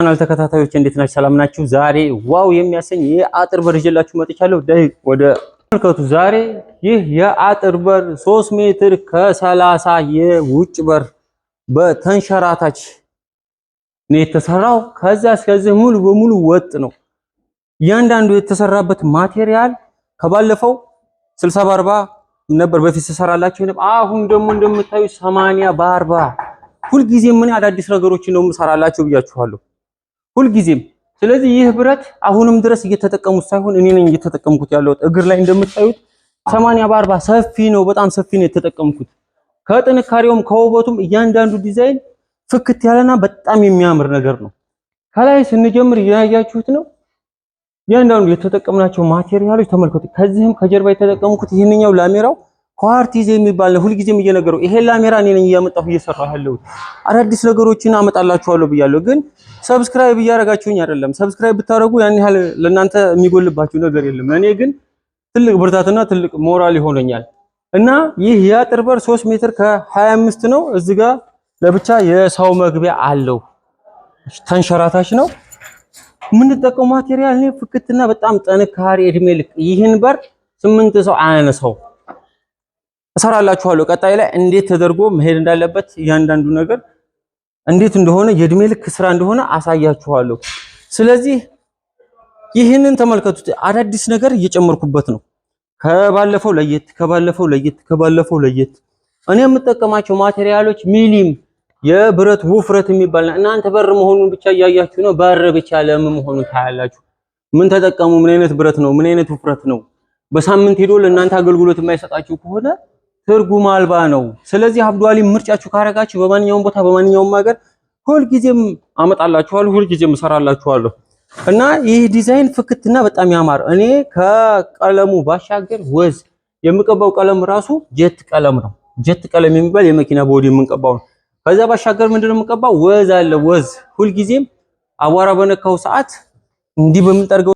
ቻናል ተከታታዮች እንዴት ናችሁ? ሰላም ናችሁ? ዛሬ ዋው የሚያሰኝ የአጥር በር ይዤላችሁ መጥቻለሁ። ደይ ወደ መልከቱ ዛሬ ይህ የአጥር በር 3 ሜትር ከ30 የውጭ በር በተንሸራታች ነው የተሰራው። ከዛ እስከዚህ ሙሉ በሙሉ ወጥ ነው። እያንዳንዱ የተሰራበት ማቴሪያል ከባለፈው 60 በ40 ነበር በፊት ተሰራላችሁ። አሁን ደግሞ እንደምታዩ 80 በ40 ሁልጊዜ ምን አዳዲስ ነገሮችን ነው የምሰራላችሁ ብያችኋለሁ። ሁልጊዜም። ስለዚህ ይህ ብረት አሁንም ድረስ እየተጠቀሙት ሳይሆን እኔ ነኝ እየተጠቀምኩት ያለሁት። እግር ላይ እንደምታዩት 80 በአርባ ሰፊ ነው፣ በጣም ሰፊ ነው የተጠቀምኩት። ከጥንካሬውም ከውበቱም እያንዳንዱ ዲዛይን ፍክት ያለና በጣም የሚያምር ነገር ነው። ከላይ ስንጀምር እያያችሁት ነው። እያንዳንዱ የተጠቀምናቸው ማቴሪያሎች ተመልከቱ። ከዚህም ከጀርባ የተጠቀምኩት ይህንኛው ላሜራው ኳርቲዝ የሚባል ነው። ሁልጊዜም እየነገረው ይሄ ላሜራ እኔ ነኝ እያመጣሁ እየሰራሁ ያለሁት አዳዲስ ነገሮችን አመጣላችኋለሁ ብያለሁ። ግን ሰብስክራይብ እያደረጋችሁኝ አይደለም። ሰብስክራይብ ብታደረጉ ያን ያህል ለእናንተ የሚጎልባችሁ ነገር የለም። እኔ ግን ትልቅ ብርታትና ትልቅ ሞራል ይሆነኛል እና ይህ የአጥር በር 3 ሜትር ከ25 ነው። እዚህ ጋር ለብቻ የሰው መግቢያ አለው። ተንሸራታች ነው። የምንጠቀሙ ማቴሪያል ፍክትና በጣም ጥንካሬ እድሜ ልክ ይህን በር ስምንት ሰው አያነሳው እሰራላችኋለሁ። ቀጣይ ላይ እንዴት ተደርጎ መሄድ እንዳለበት እያንዳንዱ ነገር እንዴት እንደሆነ የእድሜ ልክ ስራ እንደሆነ አሳያችኋለሁ። ስለዚህ ይህንን ተመልከቱት። አዳዲስ ነገር እየጨመርኩበት ነው። ከባለፈው ለየት ከባለፈው ለየት ከባለፈው ለየት እኔ የምጠቀማቸው ማቴሪያሎች ሚሊም የብረት ውፍረት የሚባል እናንተ በር መሆኑን ብቻ እያያችሁ ነው። በር ብቻ ለምን መሆኑን ታያላችሁ። ምን ተጠቀሙ? ምን አይነት ብረት ነው? ምን አይነት ውፍረት ነው? በሳምንት ሄዶ ለእናንተ አገልግሎት የማይሰጣችሁ ከሆነ ትርጉም አልባ ነው። ስለዚህ አብዱ አሊም ምርጫችሁ ካረጋችሁ በማንኛውም ቦታ በማንኛውም ሀገር ሁልጊዜም አመጣላችኋለሁ፣ ሁልጊዜም እሰራላችኋለሁ እና ይህ ዲዛይን ፍክትና በጣም ያማር እኔ ከቀለሙ ባሻገር ወዝ የምቀባው ቀለም ራሱ ጀት ቀለም ነው። ጀት ቀለም የሚባል የመኪና ቦዲ የምንቀባው ነው። ከዛ ባሻገር ምንድነው የምንቀባው? ወዝ አለ ወዝ ሁልጊዜም አቧራ በነካው ሰዓት እንዲህ በምንጠርገው